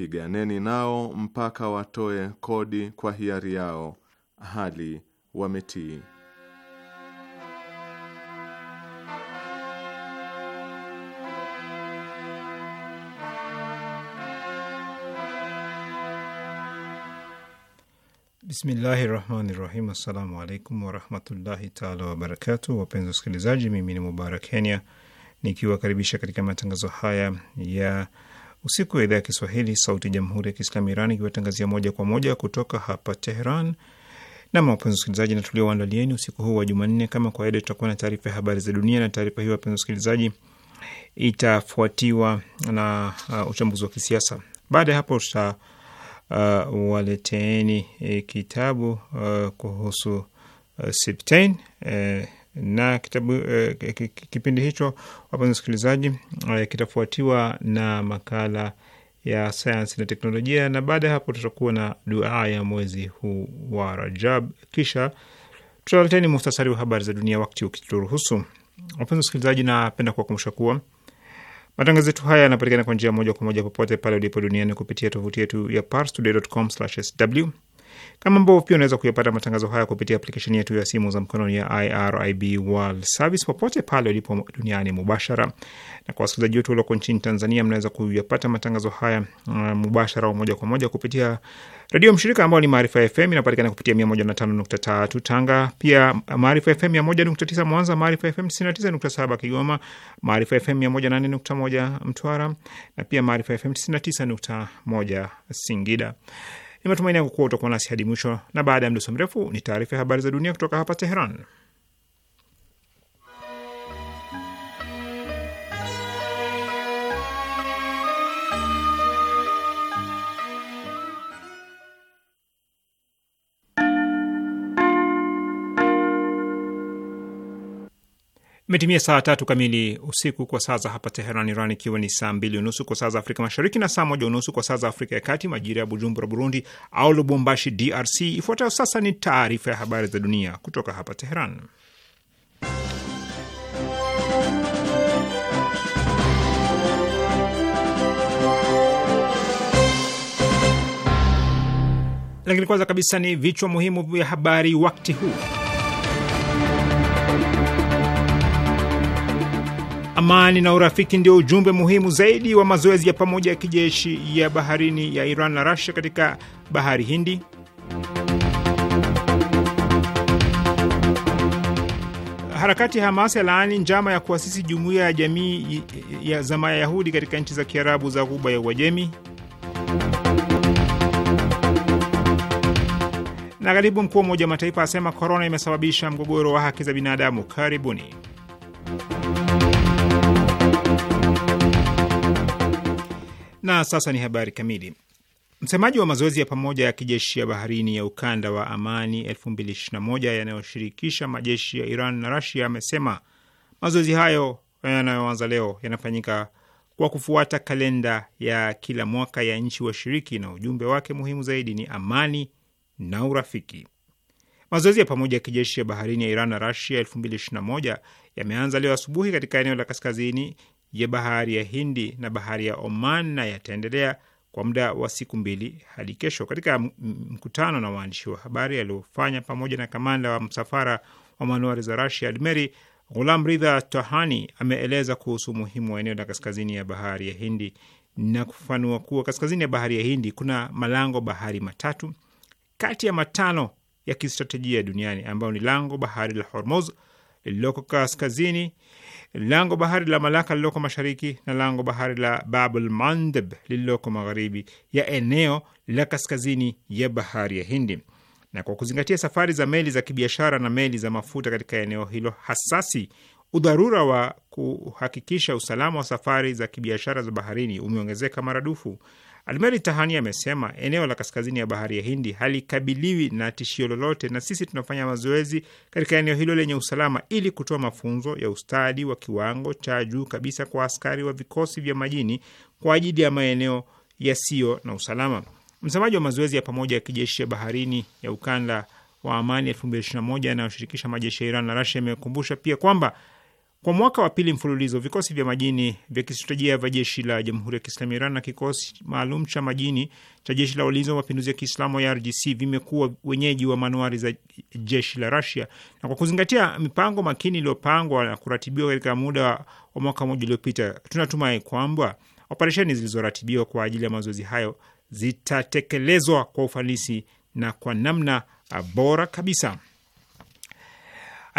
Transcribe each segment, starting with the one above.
piganeni nao mpaka watoe kodi kwa hiari yao hali wametii. Bismillahi rahmani rahim. Assalamu alaikum warahmatullahi taala wabarakatu. Wapenzi wasikilizaji, mimi ni Mubarak Kenya nikiwakaribisha katika matangazo haya ya usiku wa idhaa ya Kiswahili sauti jamhuri ya Kiislamu Iran ikiwatangazia moja kwa moja kutoka hapa Teheran. Na wapenzi wasikilizaji, na tuliowaandalieni usiku huu wa Jumanne, kama kawaida, tutakuwa na taarifa ya habari za dunia, na taarifa hiyo wapenzi wasikilizaji, itafuatiwa na uh, uchambuzi wa kisiasa. Baada ya hapo tutawaleteeni uh, eh, kitabu uh, kuhusu uh, uh, na kitabu, eh, kipindi hicho wapenzi wasikilizaji, eh, kitafuatiwa na makala ya sayansi na teknolojia, na baada ya hapo tutakuwa na duaa ya mwezi huu wa Rajab, kisha tutaleteni muhtasari wa habari za dunia wakati ukituruhusu. Wapenzi wasikilizaji, napenda kuwakumbusha kuwa matangazo yetu haya yanapatikana kwa njia moja kwa moja popote pale ulipo duniani kupitia tovuti yetu ya parstoday.com/sw kama ambavyo pia unaweza kuyapata matangazo haya kupitia aplikesheni yetu ya simu za mkononi ya IRIB World Service popote pale ulipo duniani mubashara. Na kwa wasikilizaji wetu walioko nchini Tanzania, mnaweza kuyapata matangazo haya uh, mubashara au moja kwa moja kupitia redio mshirika ambao ni Maarifa FM, inapatikana kupitia 105.3 Tanga, pia Maarifa FM 101.9 Mwanza, Maarifa FM 99.7 Kigoma, Maarifa FM 108.1 Mtwara na pia Maarifa FM 99.1 Singida. Ni matumaini yangu kuwa utakuwa nasi hadi mwisho, na baada ya mdoso mrefu ni taarifa ya habari za dunia kutoka hapa Teheran. Imetimia saa tatu kamili usiku kwa saa za hapa Teheran, Iran, ikiwa ni saa mbili unusu kwa saa za Afrika Mashariki na saa moja unusu kwa saa za Afrika ya Kati, majira ya Bujumbura, Burundi, au Lubumbashi, DRC. Ifuatayo sasa ni taarifa ya habari za dunia kutoka hapa Teheran. Lakini kwanza kabisa ni vichwa muhimu vya habari wakati huu. amani na urafiki ndio ujumbe muhimu zaidi wa mazoezi ya pamoja ya kijeshi ya baharini ya Iran na rasia katika bahari Hindi. Harakati ya Hamas ya laani njama ya kuasisi jumuiya ya jamii ya za Mayahudi katika nchi za Kiarabu za Ghuba ya Uajemi. Na katibu mkuu wa Umoja wa Mataifa asema korona imesababisha mgogoro wa haki za binadamu. Karibuni. Na sasa ni habari kamili. Msemaji wa mazoezi ya pamoja ya kijeshi ya baharini ya ukanda wa amani 2021 yanayoshirikisha majeshi ya Iran na Rasia amesema mazoezi hayo yanayoanza leo yanafanyika kwa kufuata kalenda ya kila mwaka ya nchi washiriki, na ujumbe wake muhimu zaidi ni amani na urafiki. Mazoezi ya pamoja ya kijeshi ya baharini ya Iran na Rasia 2021 yameanza leo asubuhi katika eneo la kaskazini ya bahari ya Hindi na bahari ya Oman na yataendelea kwa muda wa siku mbili hadi kesho. Katika mkutano na waandishi wa habari aliofanya pamoja na kamanda wa msafara wa manuari za Rasia Admeri Ghulam Ridha Tahani ameeleza kuhusu umuhimu wa eneo la kaskazini ya bahari ya Hindi na kufanua kuwa kaskazini ya bahari ya Hindi kuna malango bahari matatu kati ya matano ya kistratejia duniani ambayo ni lango bahari la Hormuz lililoko kaskazini lango bahari la Malaka lililoko mashariki na lango bahari la Babul Mandeb lililoko magharibi ya eneo la kaskazini ya bahari ya Hindi. Na kwa kuzingatia safari za meli za kibiashara na meli za mafuta katika eneo hilo hasasi, udharura wa kuhakikisha usalama wa safari za kibiashara za baharini umeongezeka maradufu almeri Tahani amesema eneo la kaskazini ya bahari ya Hindi halikabiliwi na tishio lolote, na sisi tunafanya mazoezi katika eneo hilo lenye usalama ili kutoa mafunzo ya ustadi wa kiwango cha juu kabisa kwa askari wa vikosi vya majini kwa ajili ya maeneo yasiyo na usalama. Msemaji wa mazoezi ya pamoja ya kijeshi ya baharini ya ukanda wa amani 2021 yanayoshirikisha majeshi ya Iran na Rasia imekumbusha pia kwamba kwa mwaka wa pili mfululizo vikosi vya majini vya kistratejia vya jeshi la Jamhuri ya Kiislamu Iran na kikosi maalum cha majini cha jeshi la ulinzi wa mapinduzi ya Kiislamu ya IRGC vimekuwa wenyeji wa manuari za jeshi la Rasia, na kwa kuzingatia mipango makini iliyopangwa na kuratibiwa katika muda wa mwaka mmoja uliopita, tunatumai kwamba operesheni zilizoratibiwa kwa ajili ya mazoezi hayo zitatekelezwa kwa ufanisi na kwa namna bora kabisa.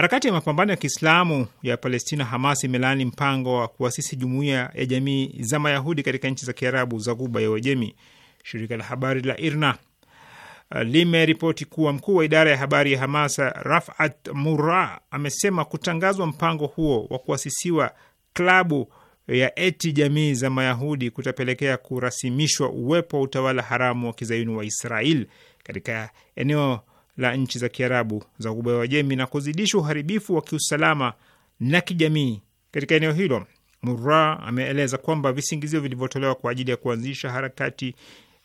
Harakati ya mapambano ya Kiislamu ya Palestina Hamas imelaani mpango wa kuasisi jumuiya ya jamii za Mayahudi katika nchi za Kiarabu za Ghuba ya Uajemi. Shirika la habari la IRNA uh, limeripoti kuwa mkuu wa idara ya habari ya Hamas Rafat mura amesema kutangazwa mpango huo wa kuasisiwa klabu ya eti jamii za Mayahudi kutapelekea kurasimishwa uwepo wa utawala haramu wa kizayuni wa Israel katika eneo la nchi za Kiarabu za Ghuba ya Uajemi na kuzidisha uharibifu wa kiusalama na kijamii katika eneo hilo. Murra ameeleza kwamba visingizio vilivyotolewa kwa ajili ya kuanzisha harakati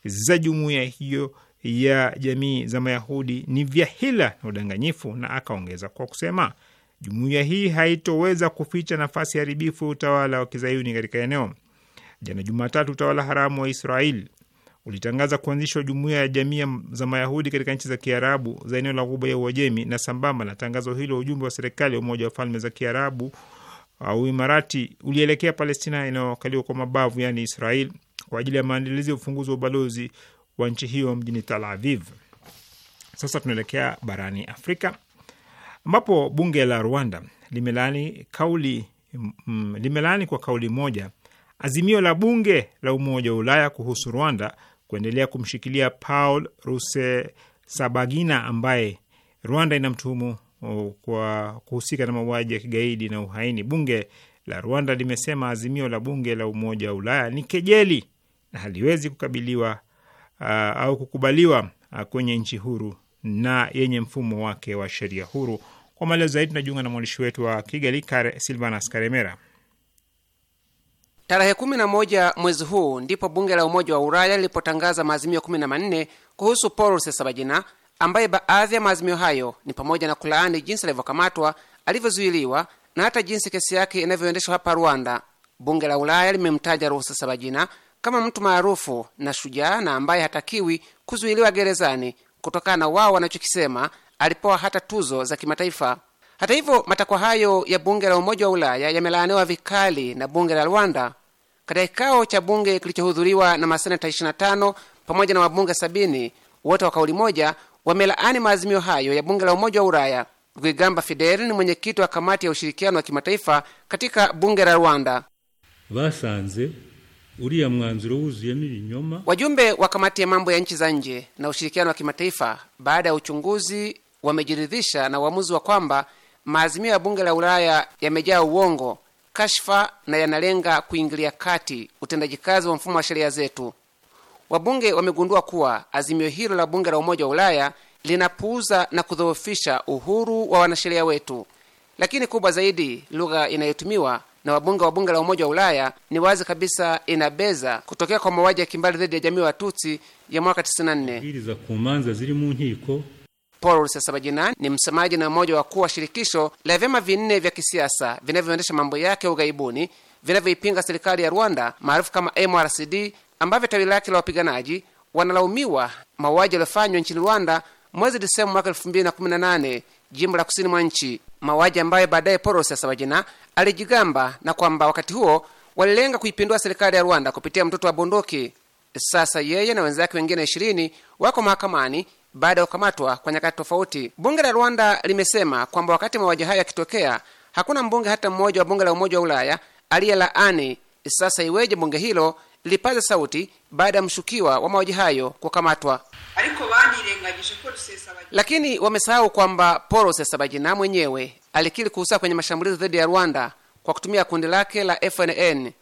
za jumuiya hiyo ya jamii za Mayahudi ni vya hila na udanganyifu, na akaongeza kwa kusema jumuiya hii haitoweza kuficha nafasi haribifu ya utawala wa kizayuni katika eneo. Jana Jumatatu, utawala haramu wa Israeli ulitangaza kuanzishwa jumuiya ya jamii za Mayahudi katika nchi za Kiarabu za eneo la Ghuba ya Uajemi, na sambamba na tangazo hilo, ujumbe wa serikali ya Umoja wa Falme za Kiarabu au uh, Imarati ulielekea Palestina inayokaliwa kwa mabavu, yaani Israel, kwa ajili ya maandalizi ya ufunguzi wa ubalozi wa nchi hiyo mjini Tel Aviv. Sasa tunaelekea barani Afrika ambapo bunge la Rwanda limelaani kauli mm, limelaani kwa kauli moja azimio la bunge la Umoja wa Ulaya kuhusu Rwanda kuendelea kumshikilia Paul Rusesabagina ambaye Rwanda inamtuhumu uh, kwa kuhusika na mauaji ya kigaidi na uhaini. Bunge la Rwanda limesema azimio la bunge la Umoja wa Ulaya ni kejeli na haliwezi kukabiliwa uh, au kukubaliwa uh, kwenye nchi huru na yenye mfumo wake wa sheria huru. Kwa maelezo zaidi tunajiunga na mwandishi wetu wa Kigali Silvanas Karemera. Tarehe 11 mwezi huu ndipo bunge la Umoja wa Ulaya lilipotangaza maazimio 14 kuhusu Paul Rusesabagina, ambaye baadhi ya maazimio hayo ni pamoja na kulaani jinsi alivyokamatwa, alivyozuiliwa na hata jinsi kesi yake inavyoendeshwa hapa Rwanda. Bunge la Ulaya limemtaja Rusesabagina kama mtu maarufu na shujaa na ambaye hatakiwi kuzuiliwa gerezani kutokana na wao wanachokisema alipewa hata tuzo za kimataifa. Hata hivyo, matakwa hayo ya bunge la Umoja wa Ulaya yamelaaniwa vikali na bunge la Rwanda. Katika kikao cha bunge kilichohudhuriwa na maseneta 25 pamoja na wabunge 70, wote wa kauli moja wamelaani maazimio hayo ya bunge la Umoja wa Ulaya. Rwigamba Fidel ni mwenyekiti wa kamati ya ushirikiano wa kimataifa katika bunge la Rwanda. basanze uriya mwanzuro wuzuyemo ibinyoma. Wajumbe wa kamati ya mambo ya nchi za nje na ushirikiano wa kimataifa, baada ya uchunguzi, wamejiridhisha na uamuzi wa kwamba maazimio ya bunge la Ulaya yamejaa uongo, kashfa na yanalenga kuingilia kati utendaji kazi wa mfumo wa sheria zetu. Wabunge wamegundua kuwa azimio hilo la bunge la Umoja wa Ulaya linapuuza na kudhoofisha uhuru wa wanasheria wetu. Lakini kubwa zaidi, lugha inayotumiwa na wabunge wa bunge la Umoja wa Ulaya ni wazi kabisa inabeza kutokea kwa mauaji ya kimbali dhidi ya jamii ya Watutsi ya mwaka 94. Paul Rusesabagina ni msemaji na mmoja wa kuu wa shirikisho la vyama vinne vya kisiasa vinavyoendesha mambo yake ughaibuni vinavyoipinga serikali ya Rwanda maarufu kama MRCD, ambavyo tawi lake la wapiganaji wanalaumiwa mauaji yaliyofanywa nchini Rwanda mwezi Disemba mwaka nane jimbo la kusini mwa nchi, mauaji ambayo baadaye Paul Rusesabagina alijigamba na kwamba wakati huo walilenga kuipindua serikali ya Rwanda kupitia mtoto wa bunduki. Sasa yeye na wenzake wengine ishirini wako mahakamani baada ya kukamatwa kwa nyakati tofauti. Bunge la Rwanda limesema kwamba wakati mauaji hayo yakitokea, hakuna mbunge hata mmoja wa bunge la Umoja wa Ulaya aliye laani Sasa iweje bunge hilo lipaze sauti baada ya mshukiwa wa mauaji hayo kukamatwa? Lakini wamesahau kwamba Paul Rusesabagina mwenyewe alikiri kuhusika kwenye mashambulizi dhidi ya Rwanda kwa kutumia kundi lake la FNN.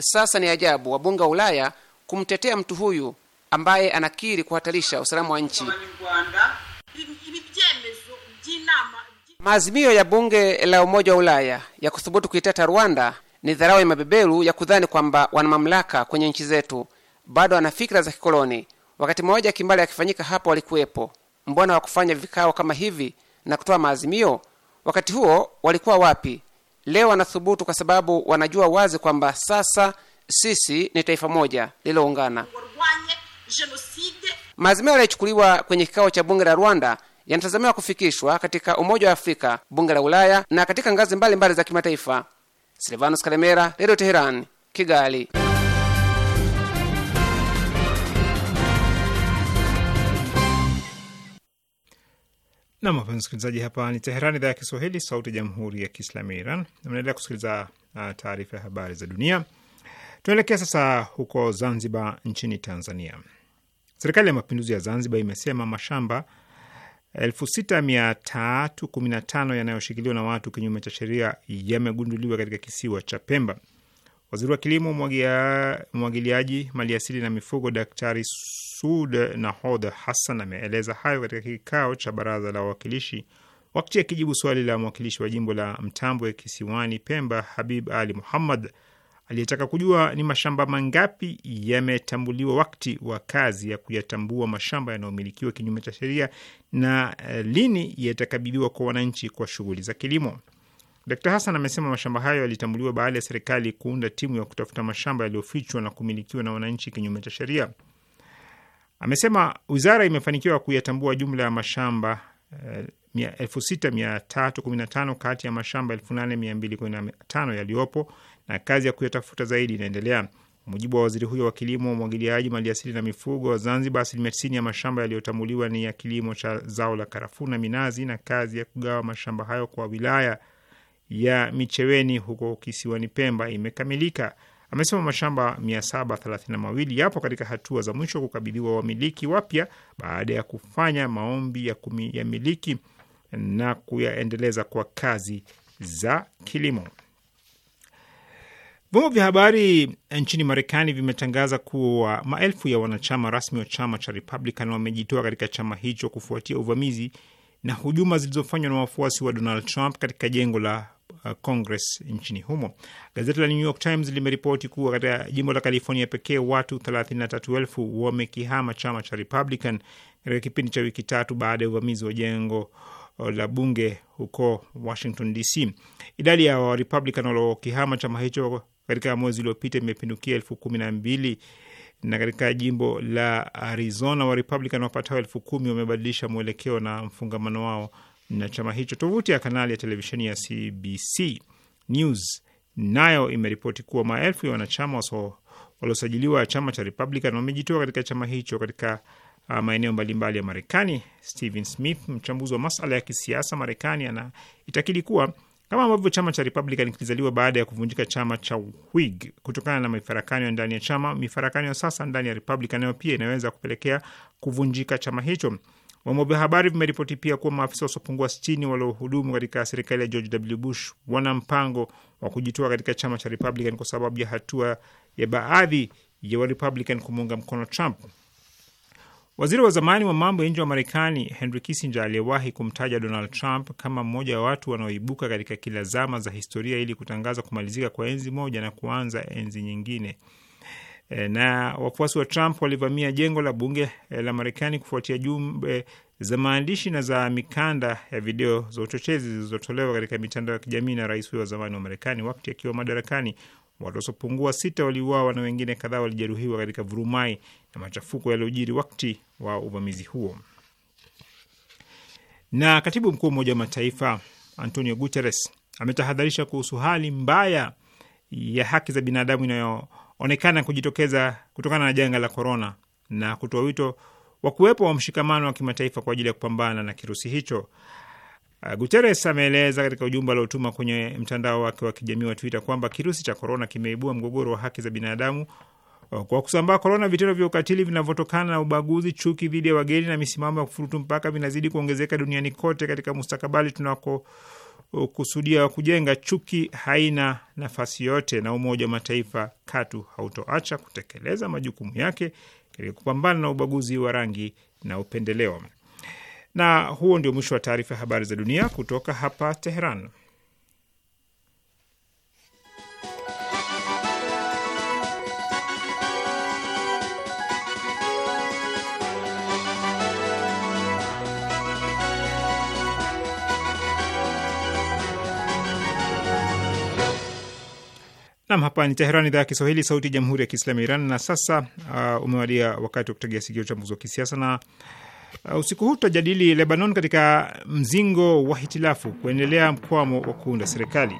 Sasa ni ajabu wabunge wa Ulaya kumtetea mtu huyu ambaye anakiri kuhatarisha usalama wa nchi. Maazimio ya bunge la Umoja wa Ulaya ya kuthubutu kuiteta Rwanda ni dharau ya mabeberu ya kudhani kwamba wana mamlaka kwenye nchi zetu, bado ana fikira za kikoloni. Wakati mmoja kimbali yakifanyika hapo walikuwepo, mbona kufanya vikao kama hivi na kutoa maazimio? Wakati huo walikuwa wapi? Leo wanathubutu kwa sababu wanajua wazi kwamba sasa sisi ni taifa moja lililoungana genocide. Maazimio yaliyochukuliwa kwenye kikao cha bunge la Rwanda yanatazamiwa kufikishwa katika Umoja wa Afrika, bunge la Ulaya na katika ngazi mbalimbali za kimataifa. Silvanos Karemera, Radio Teheran, Kigali. Nam, wapenzi msikilizaji, hapa ni Teherani, idhaa ya Kiswahili, sauti ya jamhuri ya kiislamu ya Iran. Mnaendelea kusikiliza uh, taarifa ya habari za dunia. Tunaelekea sasa huko Zanzibar nchini Tanzania. Serikali ya Mapinduzi ya Zanzibar imesema mashamba 6315 yanayoshikiliwa na watu kinyume cha sheria yamegunduliwa katika kisiwa cha Pemba. Waziri wa Kilimo, mwagiliaji Maliasili na Mifugo, Daktari Sud nahod Hassan ameeleza hayo katika kikao cha Baraza la Wawakilishi wakati akijibu swali la mwakilishi wa jimbo la Mtambwe Kisiwani Pemba, Habib Ali Muhammad aliyetaka kujua ni mashamba mangapi yametambuliwa wakati wa kazi ya kuyatambua mashamba yanayomilikiwa kinyume cha sheria na eh, lini yatakabidhiwa kwa wananchi kwa shughuli za kilimo. Dkt Hassan amesema mashamba hayo yalitambuliwa baada ya serikali kuunda timu ya kutafuta mashamba yaliyofichwa na kumilikiwa na wananchi kinyume cha sheria. Amesema wizara imefanikiwa kuyatambua jumla ya mashamba eh, 6315 kati ya mashamba 8215 yaliyopo na kazi ya kuyatafuta zaidi inaendelea. Mujibu wa waziri huyo wa kilimo, umwagiliaji, maliasili na mifugo, Zanzibar asilimia tisini ya mashamba yaliyotambuliwa ni ya kilimo cha zao la karafuu na minazi, na kazi ya kugawa mashamba hayo kwa wilaya ya Micheweni huko kisiwani Pemba imekamilika. Amesema mashamba 732 yapo katika hatua za mwisho kukabidhiwa wamiliki wapya baada ya kufanya maombi ya kumiliki na kuyaendeleza kwa kazi za kilimo. Vyombo vya habari eh, nchini Marekani vimetangaza kuwa maelfu ya wanachama rasmi wa chama cha Republican wamejitoa katika chama hicho kufuatia uvamizi na hujuma zilizofanywa na wafuasi wa Donald Trump katika jengo la uh, Congress nchini humo. Gazeti la New York Times limeripoti kuwa katika jimbo la California pekee watu 33,000 wamekihama chama cha Republican katika kipindi cha wiki tatu baada ya uvamizi wa jengo eh, la bunge huko Washington DC. Idadi ya Warepublican waliokihama chama hicho katika mwezi uliopita imepindukia elfu kumi na mbili na katika jimbo la Arizona wa Republican wapatao elfu kumi wamebadilisha mwelekeo na mfungamano wao na chama hicho. Tovuti ya kanali ya televisheni ya CBC News nayo imeripoti kuwa maelfu ya wanachama waliosajiliwa chama cha Republican wamejitoa katika chama hicho katika uh, maeneo mbalimbali ya Marekani. stephen Smith, mchambuzi wa masala ya kisiasa Marekani, anaitakidi kuwa kama ambavyo chama cha Republican kilizaliwa baada ya kuvunjika chama cha Whig kutokana na mifarakano ya ndani ya chama, mifarakano ya sasa ndani ya Republican nayo pia inaweza kupelekea kuvunjika chama hicho. Vyombo vya habari vimeripoti pia kuwa maafisa wasiopungua sitini waliohudumu katika serikali ya George W. Bush wana mpango wa kujitoa katika chama cha Republican kwa sababu ya hatua ya baadhi ya Republican kumuunga mkono Trump. Waziri wa zamani wa mambo ya nje wa Marekani Henry Kissinger aliyewahi kumtaja Donald Trump kama mmoja wa watu wanaoibuka katika kila zama za historia ili kutangaza kumalizika kwa enzi moja na kuanza enzi nyingine. E, na wafuasi wa Trump walivamia jengo la bunge e, la Marekani kufuatia jumbe za maandishi na za mikanda ya video za uchochezi zilizotolewa katika mitandao ya kijamii na rais huyo wa zamani wa Marekani wakati akiwa madarakani. Watu wasiopungua sita waliuawa na wengine kadhaa walijeruhiwa katika vurumai na machafuko yaliyojiri wakati wa uvamizi huo. Na katibu mkuu wa Umoja wa Mataifa Antonio Guterres ametahadharisha kuhusu hali mbaya ya haki za binadamu inayoonekana kujitokeza kutokana na janga la korona na kutoa wito wa kuwepo wa mshikamano wa kimataifa kwa ajili ya kupambana na kirusi hicho. Uh, Guterres ameeleza katika ujumbe aliotuma kwenye mtandao wake wa kijamii wa Twitter kwamba kirusi cha korona kimeibua mgogoro wa haki za binadamu uh, kwa kusambaa korona, vitendo vya ukatili vinavyotokana na ubaguzi, chuki dhidi ya wageni na misimamo ya kufurutu mpaka vinazidi kuongezeka duniani kote. Katika mustakabali tunakokusudia kujenga, chuki haina nafasi yote, na Umoja wa Mataifa katu hautoacha kutekeleza majukumu yake katika kupambana na ubaguzi wa rangi na upendeleo. Na huo ndio mwisho wa taarifa ya habari za dunia kutoka hapa Teheran. Nam, hapa ni Teheran, idhaa ya Kiswahili, sauti ya jamhuri ya kiislamu ya Iran. Na sasa uh, umewadia wakati wa kutegea sikio uchambuzi wa kisiasa na Uh, usiku huu tutajadili Lebanon katika mzingo wa hitilafu, kuendelea mkwamo wa kuunda serikali.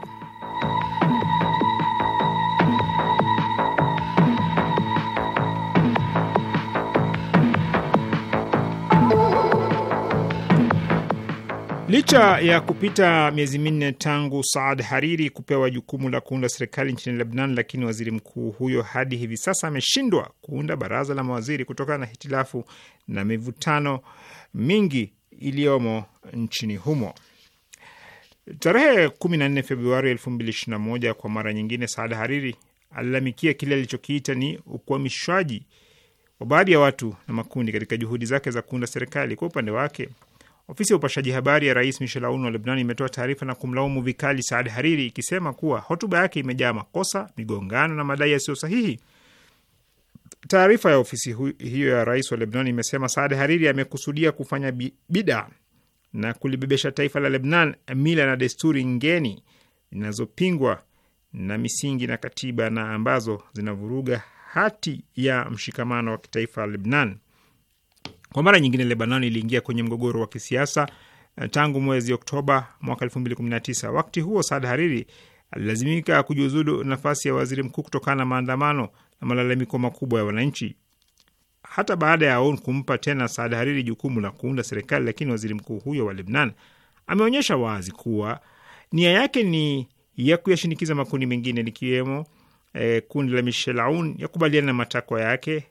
Licha ya kupita miezi minne tangu Saad Hariri kupewa jukumu la kuunda serikali nchini Lebnan, lakini waziri mkuu huyo hadi hivi sasa ameshindwa kuunda baraza la mawaziri kutokana na hitilafu na mivutano mingi iliyomo nchini humo. Tarehe 14 Februari 2021 kwa mara nyingine, Saad Hariri alilalamikia kile alichokiita ni ukwamishwaji wa baadhi ya watu na makundi katika juhudi zake za kuunda serikali. Kwa upande wake Ofisi ya upashaji habari ya rais Michel Aoun wa Lebnan imetoa taarifa na kumlaumu vikali Saad Hariri ikisema kuwa hotuba yake imejaa makosa, migongano na madai yasiyo sahihi. Taarifa ya ofisi hiyo ya rais wa Lebnan imesema Saad Hariri amekusudia kufanya bida na kulibebesha taifa la Lebnan mila na desturi ngeni zinazopingwa na misingi na katiba na ambazo zinavuruga hati ya mshikamano wa kitaifa Lebnan. Kwa mara nyingine, Lebanon iliingia kwenye mgogoro wa kisiasa eh, tangu mwezi Oktoba mwaka tisa. Wakati huo Saad Hariri alilazimika kujiuzulu nafasi ya waziri mkuu kutokana na maandamano na malalamiko makubwa ya wananchi. Hata baada ya AUN kumpa tena Saad Hariri jukumu la kuunda serikali, lakini waziri mkuu huyo wa Lebnan ameonyesha wazi kuwa nia yake ni ya kuyashinikiza makundi mengine likiwemo eh, kundi la Michel Aoun yakubaliana na matakwa yake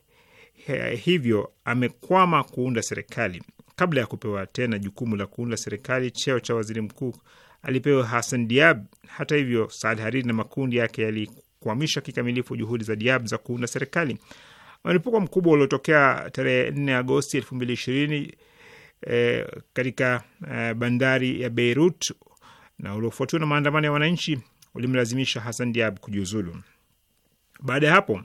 hivyo amekwama kuunda serikali. Kabla ya kupewa tena jukumu la kuunda serikali, cheo cha waziri mkuu alipewa Hassan Diab. Hata hivyo, Saad Hariri na makundi yake yalikwamisha kikamilifu juhudi za Diab za kuunda serikali. Mlipuko mkubwa uliotokea tarehe 4 Agosti elfu mbili ishirini e, katika e, bandari ya Beirut na uliofuatiwa na maandamano ya wananchi ulimlazimisha Hassan Diab kujiuzulu. Baada ya hapo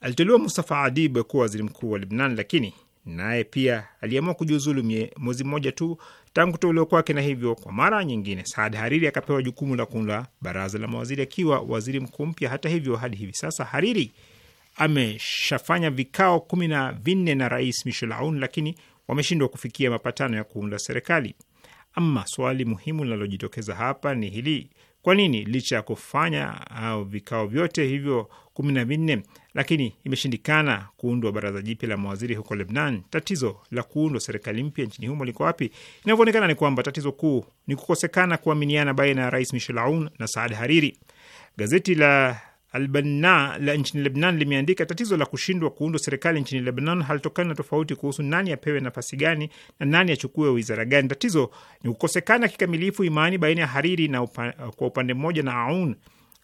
Aliteuliwa Mustafa Adib kuwa waziri mkuu wa Lebnan, lakini naye pia aliamua kujiuzulu mwezi mmoja tu tangu kuteuliwa kwake, na hivyo kwa mara nyingine Saad Hariri akapewa jukumu la kuunda baraza la mawaziri akiwa waziri mkuu mpya. Hata hivyo, hadi hivi sasa Hariri ameshafanya vikao kumi na vinne na rais Michel Aoun, lakini wameshindwa kufikia mapatano ya kuunda serikali. Ama swali muhimu linalojitokeza hapa ni hili: kwa nini licha ya kufanya au vikao vyote hivyo kumi na vinne, lakini imeshindikana kuundwa baraza jipya la mawaziri huko Lebnan? Tatizo la kuundwa serikali mpya nchini humo liko wapi? Inavyoonekana ni kwamba tatizo kuu ni kukosekana kuaminiana baina ya rais Michel Aoun na Saad Hariri. Gazeti la Albanna la nchini Lebnan limeandika tatizo la kushindwa kuundwa serikali nchini Lebnan halitokana na tofauti kuhusu nani apewe nafasi gani na nani achukue wizara gani. Tatizo ni kukosekana kikamilifu imani baina ya Hariri na upa, kwa upande mmoja na Aoun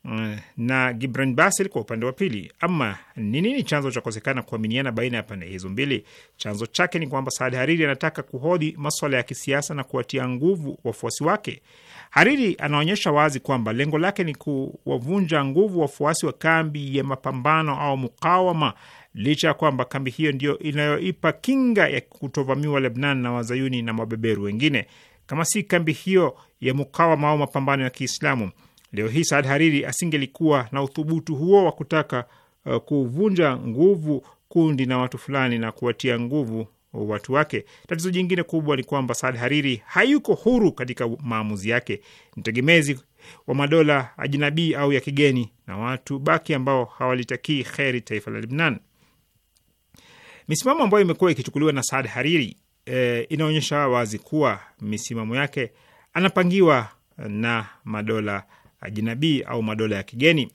Mm. na Gibran Basil kwa upande wa pili. Ama ni nini chanzo cha kukosekana kuaminiana baina ya pande hizo mbili? Chanzo chake ni kwamba Saad Hariri anataka kuhodhi maswala ya kisiasa na kuwatia nguvu wafuasi wake. Hariri anaonyesha wazi kwamba lengo lake ni kuwavunja nguvu wafuasi wa kambi ya mapambano au mukawama, licha ya kwamba kambi hiyo ndiyo inayoipa kinga ya kutovamiwa Lebnan na wazayuni na mabeberu wengine. Kama si kambi hiyo ya mukawama au mapambano ya Kiislamu, Leo hii Saad Hariri asingelikuwa na uthubutu huo wa kutaka uh, kuvunja nguvu kundi na watu fulani na kuwatia nguvu watu wake. Tatizo jingine kubwa ni kwamba Saad Hariri hayuko huru katika maamuzi yake, ni tegemezi wa madola ajinabii au ya kigeni na watu baki ambao hawalitakii kheri taifa la Lebnan. Misimamo ambayo imekuwa ikichukuliwa na Saad Hariri e, inaonyesha wazi kuwa misimamo yake anapangiwa na madola ajinabii au madola ya kigeni.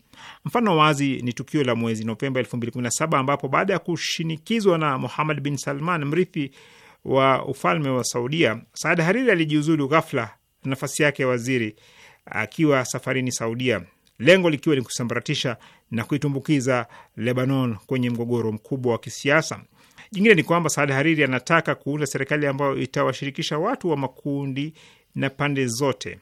Mfano wazi ni tukio la mwezi Novemba 2017 ambapo baada ya kushinikizwa na Muhammad bin Salman, mrithi wa ufalme wa Saudia, Saad Hariri alijiuzulu ghafla nafasi yake ya waziri akiwa safarini Saudia, lengo likiwa ni kusambaratisha na kuitumbukiza Lebanon kwenye mgogoro mkubwa wa kisiasa. Jingine ni kwamba Saad Hariri anataka kuunda serikali ambayo itawashirikisha watu wa makundi na pande zote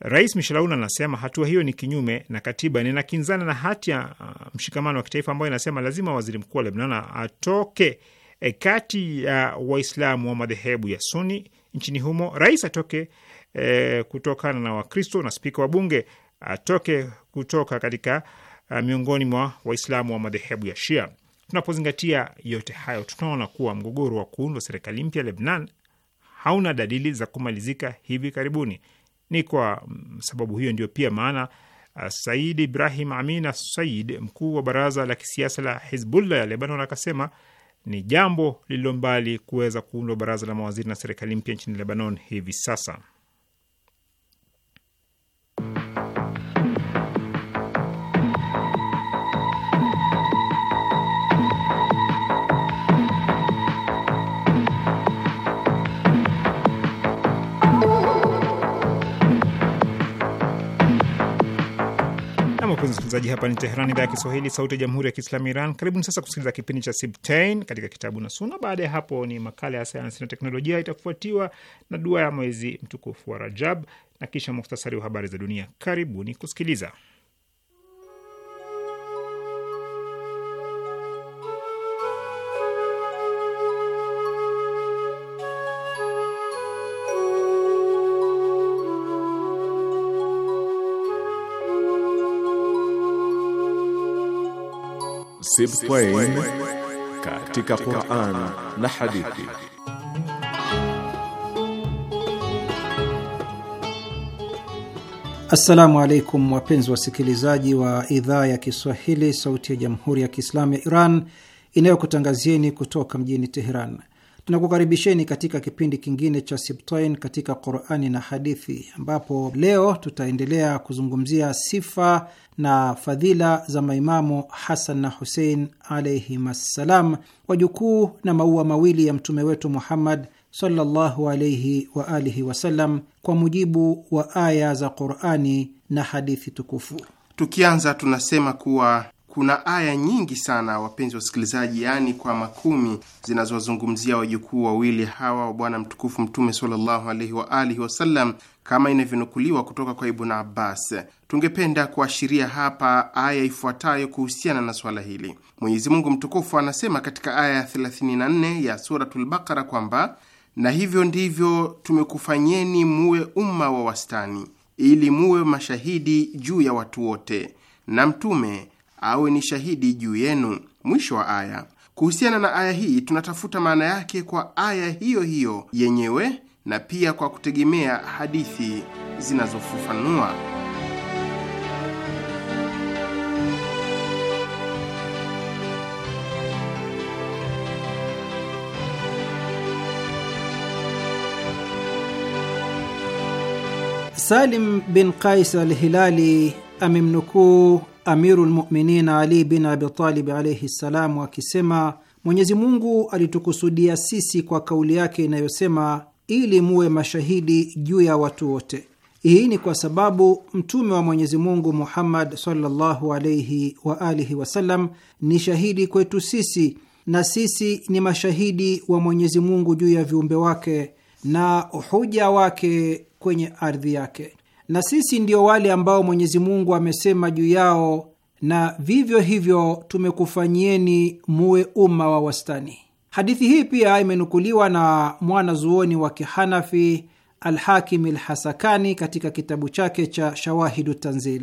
Rais Mishalaula anasema hatua hiyo ni kinyume na katiba, ninakinzana na hati ya uh, mshikamano wa kitaifa ambayo inasema lazima waziri mkuu wa Lebnan atoke e, kati ya Waislamu wa madhehebu ya Suni nchini humo, rais atoke e, kutokana na Wakristo na spika wa bunge atoke kutoka katika uh, miongoni mwa Waislamu wa madhehebu ya Shia. Tunapozingatia yote hayo, tunaona kuwa mgogoro wa kuundwa serikali mpya Lebnan hauna dalili za kumalizika hivi karibuni. Ni kwa mm, sababu hiyo ndio pia maana uh, Said Ibrahim Amina Said, mkuu wa baraza la kisiasa la Hizbullah ya Lebanon, akasema ni jambo lililo mbali kuweza kuundwa baraza la mawaziri na serikali mpya nchini Lebanon hivi sasa. wapenzi wasikilizaji, hapa ni Teherani, idhaa ya Kiswahili, sauti ya jamhuri ya kiislami Iran. Karibuni sasa kusikiliza kipindi cha Sibtain katika kitabu na Suna. Baada ya hapo ni makala ya sayansi na teknolojia, itafuatiwa na dua ya mwezi mtukufu wa Rajab na kisha muhtasari wa habari za dunia. Karibuni kusikiliza. Sibtain katika Qur'an na hadithi. Assalamu alaikum wapenzi wasikilizaji wa idhaa ya Kiswahili sauti ya Jamhuri ya Kiislamu ya Iran inayokutangazieni kutoka mjini Teheran. Tunakukaribisheni katika kipindi kingine cha Sibtain katika Qurani na Hadithi, ambapo leo tutaendelea kuzungumzia sifa na fadhila za maimamu Hasan na Husein alaihim assalam, wajukuu na maua mawili ya mtume wetu Muhammad sallallahu alaihi wa alihi wasallam, kwa mujibu wa aya za Qurani na hadithi tukufu. Tukianza tunasema kuwa kuna aya nyingi sana, wapenzi wa wasikilizaji, yani kwa makumi, zinazowazungumzia wajukuu wawili hawa wa Bwana mtukufu Mtume sallallahu alaihi wa alihi wasallam kama inavyonukuliwa kutoka kwa Ibn Abbas. Tungependa kuashiria hapa aya ifuatayo kuhusiana na swala hili. Mwenyezi Mungu mtukufu anasema katika aya ya 34 ya Suratul kwamba na hivyo ndivyo tumekufanyeni muwe umma wa wastani, ili muwe mashahidi juu ya watu wote, na mtume awe ni shahidi juu yenu. Mwisho wa aya. Kuhusiana na aya hii, tunatafuta maana yake kwa aya hiyo hiyo yenyewe na pia kwa kutegemea hadithi zinazofafanua. Salim bin Qais al-Hilali amemnukuu lmuminin Ali bin Abitalib alaihi ssalam akisema, Mwenyezi Mungu alitukusudia sisi kwa kauli yake inayosema ili muwe mashahidi juu ya watu wote. Hii ni kwa sababu mtume wa Mwenyezi Mungu Muhammad sallallahu alaihi wa alihi wasallam ni shahidi kwetu sisi na sisi ni mashahidi wa Mwenyezi Mungu juu ya viumbe wake na hoja wake kwenye ardhi yake na sisi ndio wale ambao Mwenyezi Mungu amesema juu yao, na vivyo hivyo tumekufanyieni muwe umma wa wastani. Hadithi hii pia imenukuliwa na mwanazuoni wa kihanafi Alhakim lhasakani katika kitabu chake cha Shawahidu Tanzil.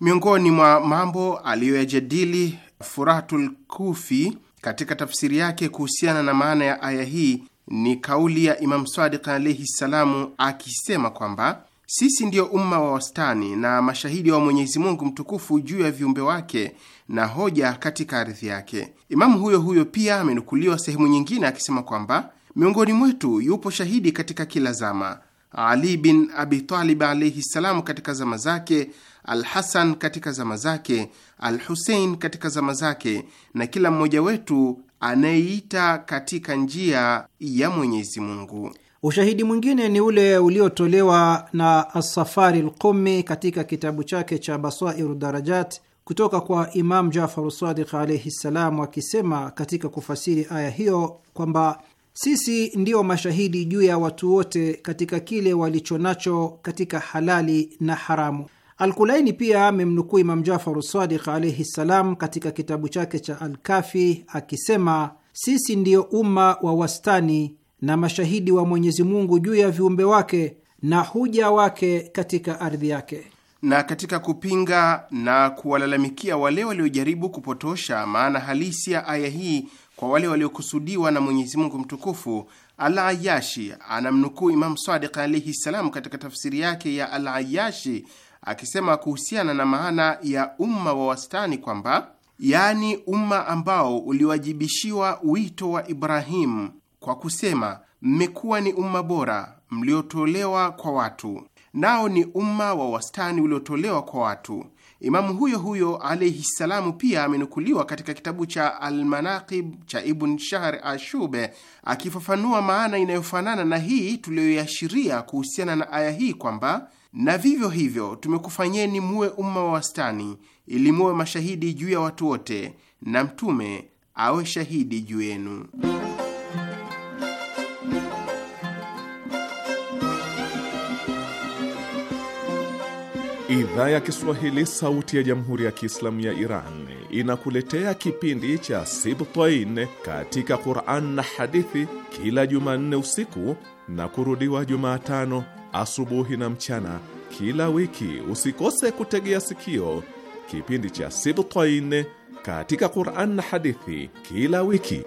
Miongoni mwa mambo aliyoyajadili Furatul Kufi katika tafsiri yake kuhusiana na maana ya aya hii ni kauli ya Imam Sadiq alaihi ssalamu akisema kwamba sisi ndiyo umma wa wastani na mashahidi wa Mwenyezi Mungu mtukufu juu ya viumbe wake na hoja katika ardhi yake. Imamu huyo huyo pia amenukuliwa sehemu nyingine akisema kwamba miongoni mwetu yupo shahidi katika kila zama, Ali bin Abi Talib alaihi ssalam katika zama zake, Al Hasan katika zama zake, Al Husein katika zama zake, na kila mmoja wetu anayeita katika njia ya Mwenyezi Mungu. Ushahidi mwingine ni ule uliotolewa na Asafari Lqumi katika kitabu chake cha Basairu Darajat kutoka kwa Imam Jafaru Sadiq alaihi ssalam, akisema katika kufasiri aya hiyo kwamba sisi ndiyo mashahidi juu ya watu wote katika kile walicho nacho katika halali na haramu. Alkulaini pia amemnukuu Imam Jafaru Sadiq alaihi ssalam katika kitabu chake cha Alkafi akisema, sisi ndiyo umma wa wastani na mashahidi wa Mwenyezi Mungu juu ya viumbe wake na huja wake katika ardhi yake. Na katika kupinga na kuwalalamikia wale waliojaribu kupotosha maana halisi ya aya hii kwa wale waliokusudiwa na Mwenyezi Mungu mtukufu, Al-Ayashi anamnukuu Imamu Sadiq alaihi ssalam katika tafsiri yake ya Al-Ayashi akisema kuhusiana na maana ya umma wa wastani kwamba, yaani umma ambao uliwajibishiwa wito wa Ibrahimu kwa kusema, mmekuwa ni umma bora mliotolewa kwa watu, nao ni umma wa wastani uliotolewa kwa watu. Imamu huyo huyo alaihi ssalamu pia amenukuliwa katika kitabu cha Almanaqib cha Ibn Shahr Ashube akifafanua maana inayofanana na hii tuliyoiashiria kuhusiana na aya hii kwamba na vivyo hivyo tumekufanyeni muwe umma wa wastani, ili muwe mashahidi juu ya watu wote, na mtume awe shahidi juu yenu. Idhaa ya Kiswahili, Sauti ya Jamhuri ya Kiislamu ya Iran inakuletea kipindi cha Sibtain katika Quran na hadithi kila Jumanne usiku na kurudiwa Jumatano asubuhi na mchana kila wiki. Usikose kutegea sikio kipindi cha Sibtain katika Quran na hadithi kila wiki.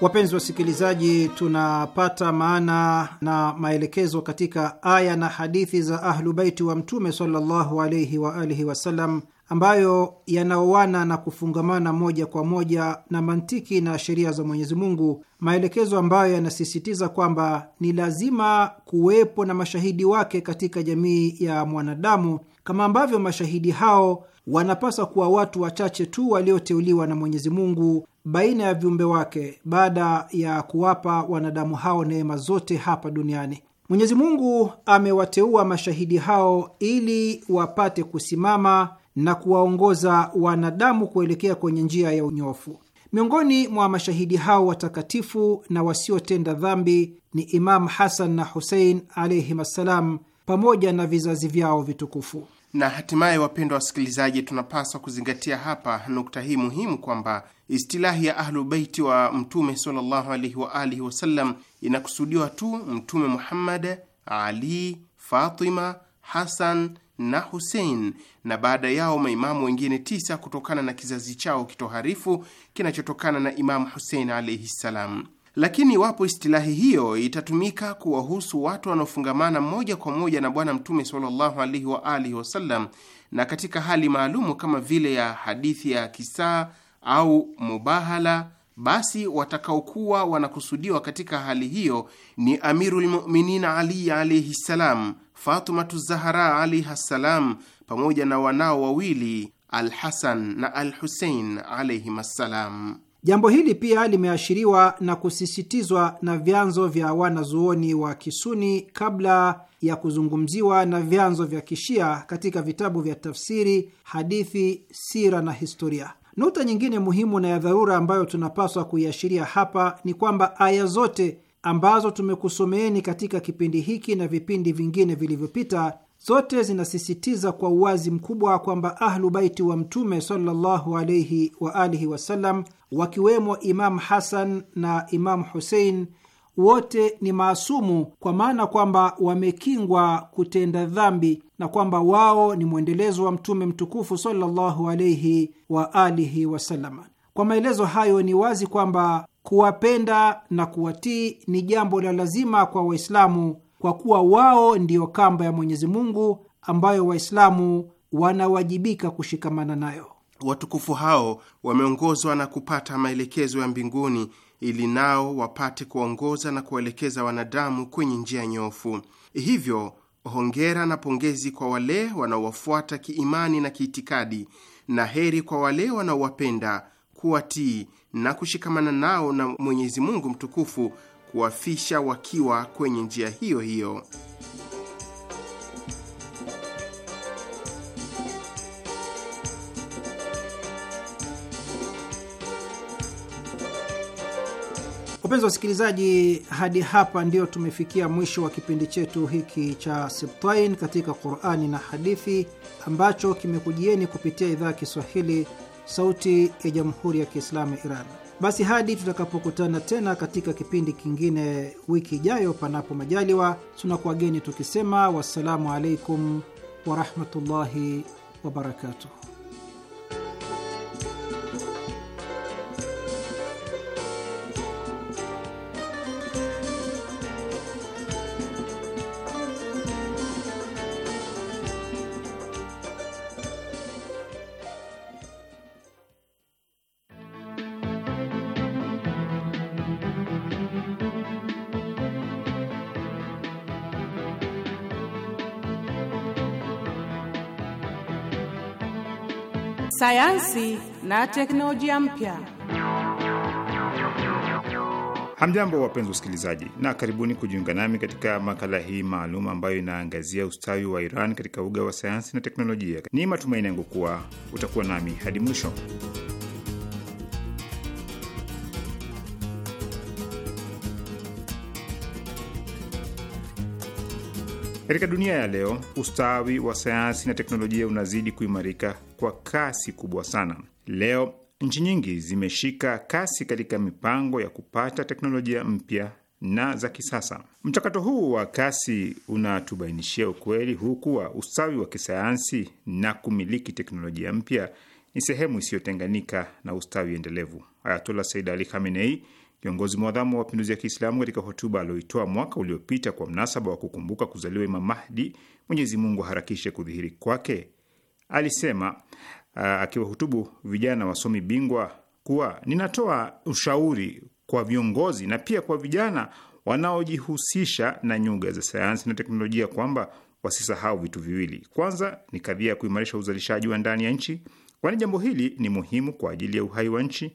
Wapenzi wasikilizaji, tunapata maana na maelekezo katika aya na hadithi za Ahlubaiti wa Mtume sallallahu alaihi wa alihi wasallam ambayo yanaoana na kufungamana moja kwa moja na mantiki na sheria za Mwenyezi Mungu, maelekezo ambayo yanasisitiza kwamba ni lazima kuwepo na mashahidi wake katika jamii ya mwanadamu, kama ambavyo mashahidi hao wanapaswa kuwa watu wachache tu walioteuliwa na Mwenyezi Mungu baina ya viumbe wake baada ya kuwapa wanadamu hao neema zote hapa duniani. Mwenyezi Mungu amewateua mashahidi hao ili wapate kusimama na kuwaongoza wanadamu kuelekea kwenye njia ya unyofu. Miongoni mwa mashahidi hao watakatifu na wasiotenda dhambi ni Imamu Hasan na Husein alaihim assalam, pamoja na vizazi vyao vitukufu. Na hatimaye, wapendwa wasikilizaji, tunapaswa kuzingatia hapa nukta hii muhimu kwamba istilahi ya Ahlubeiti wa Mtume sallallahu alaihi wa alihi wasallam inakusudiwa tu Mtume Muhammad, Ali, Fatima, Hasan na Husein na baada yao maimamu wengine tisa kutokana na kizazi chao kitoharifu kinachotokana na Imamu Husein alaihi ssalam. Lakini iwapo istilahi hiyo itatumika kuwahusu watu wanaofungamana moja kwa moja na Bwana Mtume sallallahu alaihi wa alihi wasallam, na katika hali maalumu kama vile ya hadithi ya kisaa au mubahala, basi watakaokuwa wanakusudiwa katika hali hiyo ni Amirulmuminin Ali alaihi ssalam, Fatumatu Zahara alaihi ssalam, pamoja na wanao wawili Alhasan na Alhusein alaihim ssalam. Jambo hili pia limeashiriwa na kusisitizwa na vyanzo vya wanazuoni wa Kisuni kabla ya kuzungumziwa na vyanzo vya Kishia katika vitabu vya tafsiri, hadithi, sira na historia. Nukta nyingine muhimu na ya dharura ambayo tunapaswa kuiashiria hapa ni kwamba aya zote ambazo tumekusomeeni katika kipindi hiki na vipindi vingine vilivyopita zote zinasisitiza kwa uwazi mkubwa kwamba Ahlu Baiti wa Mtume sallallahu alaihi wa alihi wasallam, wakiwemo Imamu Hasan na Imamu Husein, wote ni maasumu, kwa maana kwamba wamekingwa kutenda dhambi na kwamba wao ni mwendelezo wa Mtume mtukufu sallallahu alaihi wa alihi wasallam. Kwa maelezo hayo, ni wazi kwamba kuwapenda na kuwatii ni jambo la lazima kwa Waislamu kwa kuwa wao ndiyo kamba ya Mwenyezi Mungu ambayo Waislamu wanawajibika kushikamana nayo. Watukufu hao wameongozwa na kupata maelekezo ya mbinguni ili nao wapate kuwaongoza na kuwaelekeza wanadamu kwenye njia nyofu. Hivyo hongera na pongezi kwa wale wanaowafuata kiimani na kiitikadi, na heri kwa wale wanaowapenda, kuwatii na kushikamana nao na Mwenyezi Mungu mtukufu kuwafisha wakiwa kwenye njia hiyo hiyo. Wapenzi wasikilizaji, hadi hapa ndio tumefikia mwisho wa kipindi chetu hiki cha Sibtain katika Qurani na Hadithi, ambacho kimekujieni kupitia idhaa ya Kiswahili, Sauti ya Jamhuri ya Kiislamu ya Iran. Basi hadi tutakapokutana tena katika kipindi kingine wiki ijayo, panapo majaliwa, tunakuwageni tukisema wassalamu alaikum warahmatullahi wabarakatuh. sayansi na teknolojia mpya. Hamjambo, wapenzi wasikilizaji, na karibuni kujiunga nami katika makala hii maalum ambayo inaangazia ustawi wa Iran katika uga wa sayansi na teknolojia. Ni matumaini yangu kuwa utakuwa nami hadi mwisho. Katika dunia ya leo, ustawi wa sayansi na teknolojia unazidi kuimarika kwa kasi kubwa sana. Leo nchi nyingi zimeshika kasi katika mipango ya kupata teknolojia mpya na za kisasa. Mchakato huu wa kasi unatubainishia ukweli huu kuwa ustawi wa kisayansi na kumiliki teknolojia mpya ni sehemu isiyotenganika na ustawi endelevu. Ayatollah Said Ali Khamenei Kiongozi mwadhamu wa mapinduzi ya Kiislamu katika hotuba alioitoa mwaka uliopita kwa mnasaba wa kukumbuka kuzaliwa Imam Mahdi, Mwenyezi Mungu aharakishe kudhihiri kwake, alisema ah, akiwahutubu vijana wasomi bingwa kuwa ninatoa ushauri kwa viongozi na pia kwa vijana wanaojihusisha na nyuga za sayansi na teknolojia kwamba wasisahau vitu viwili. Kwanza ni kadhia ya kuimarisha uzalishaji wa ndani ya nchi, kwani jambo hili ni muhimu kwa ajili ya uhai wa nchi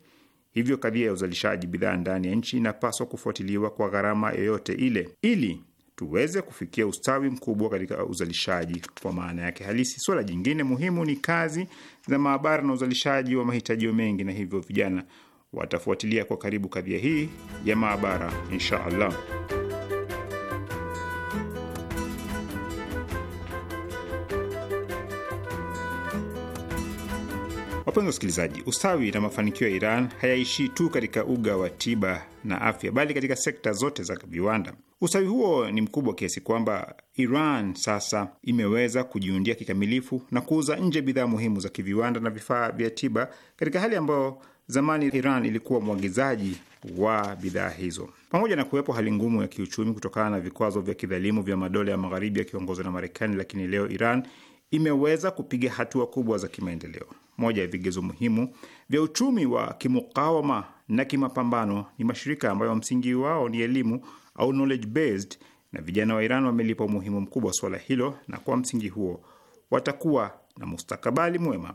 Hivyo kadhia ya uzalishaji bidhaa ndani ya nchi inapaswa kufuatiliwa kwa gharama yoyote ile, ili tuweze kufikia ustawi mkubwa katika uzalishaji kwa maana yake halisi. Suala jingine muhimu ni kazi za maabara na uzalishaji wa mahitajio mengi, na hivyo vijana watafuatilia kwa karibu kadhia hii ya maabara, insha Allah. Wapenzi wasikilizaji, ustawi na mafanikio ya Iran hayaishii tu katika uga wa tiba na afya, bali katika sekta zote za viwanda. Ustawi huo ni mkubwa kiasi kwamba Iran sasa imeweza kujiundia kikamilifu na kuuza nje bidhaa muhimu za kiviwanda na vifaa vya tiba katika hali ambayo zamani Iran ilikuwa mwagizaji wa bidhaa hizo. Pamoja na kuwepo hali ngumu ya kiuchumi kutokana na vikwazo vya kidhalimu vya madola ya magharibi yakiongozwa na Marekani, lakini leo Iran imeweza kupiga hatua kubwa za kimaendeleo. Moja ya vigezo muhimu vya uchumi wa kimukawama na kimapambano ni mashirika ambayo msingi wao ni elimu au knowledge based, na vijana wa Iran wamelipa umuhimu mkubwa swala hilo, na kwa msingi huo watakuwa na mustakabali mwema.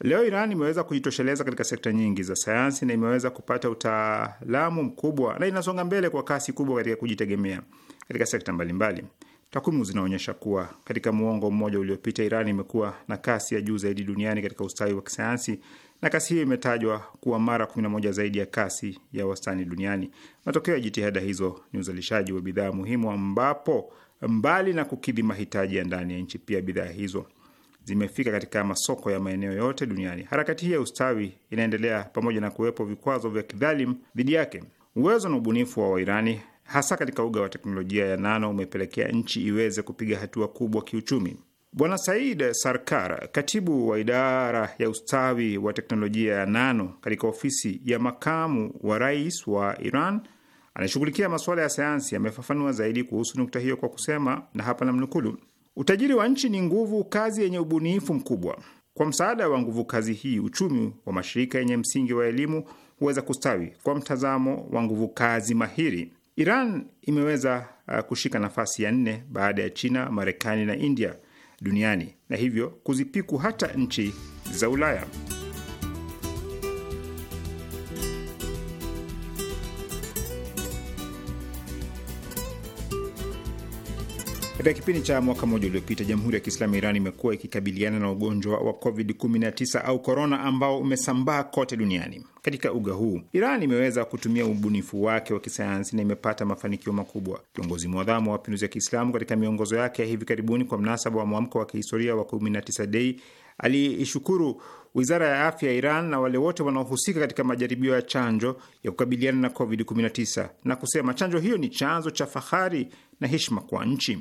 Leo Iran imeweza kujitosheleza katika sekta nyingi za sayansi na imeweza kupata utaalamu mkubwa na inasonga mbele kwa kasi kubwa katika kujitegemea katika sekta mbalimbali mbali. Takwimu zinaonyesha kuwa katika muongo mmoja uliopita, Iran imekuwa na kasi ya juu zaidi duniani katika ustawi wa kisayansi, na kasi hiyo imetajwa kuwa mara 11 zaidi ya kasi ya wastani duniani. Matokeo ya jitihada hizo ni uzalishaji wa bidhaa muhimu, ambapo mbali na kukidhi mahitaji ya ndani ya nchi, pia bidhaa hizo zimefika katika masoko ya maeneo yote duniani. Harakati hii ya ustawi inaendelea pamoja na kuwepo vikwazo vya kidhalim dhidi yake. Uwezo na ubunifu wa Wairani hasa katika uga wa teknolojia ya nano umepelekea nchi iweze kupiga hatua kubwa kiuchumi. Bwana Said Sarkar, katibu wa idara ya ustawi wa teknolojia ya nano katika ofisi ya makamu wa rais wa Iran anayeshughulikia masuala ya sayansi, amefafanua zaidi kuhusu nukta hiyo kwa kusema, na hapa namnukulu: utajiri wa nchi ni nguvu kazi yenye ubunifu mkubwa. Kwa msaada wa nguvu kazi hii, uchumi wa mashirika yenye msingi wa elimu huweza kustawi. Kwa mtazamo wa nguvu kazi mahiri Iran imeweza uh, kushika nafasi ya nne baada ya China, Marekani na India duniani na hivyo kuzipiku hata nchi za Ulaya. Katika kipindi cha mwaka mmoja uliopita, Jamhuri ya Kiislamu ya Iran imekuwa ikikabiliana na ugonjwa wa COVID-19 au korona ambao umesambaa kote duniani. Katika uga huu Iran imeweza kutumia ubunifu wake wa kisayansi na imepata mafanikio makubwa. Kiongozi mwadhamu wa mapinduzi ya Kiislamu katika miongozo yake ya hivi karibuni kwa mnasaba wa mwamko wa kihistoria wa 19 Dei aliishukuru wizara ya afya ya Iran na wale wote wanaohusika katika majaribio ya chanjo ya kukabiliana na COVID-19 na kusema chanjo hiyo ni chanzo cha fahari na heshima kwa nchi.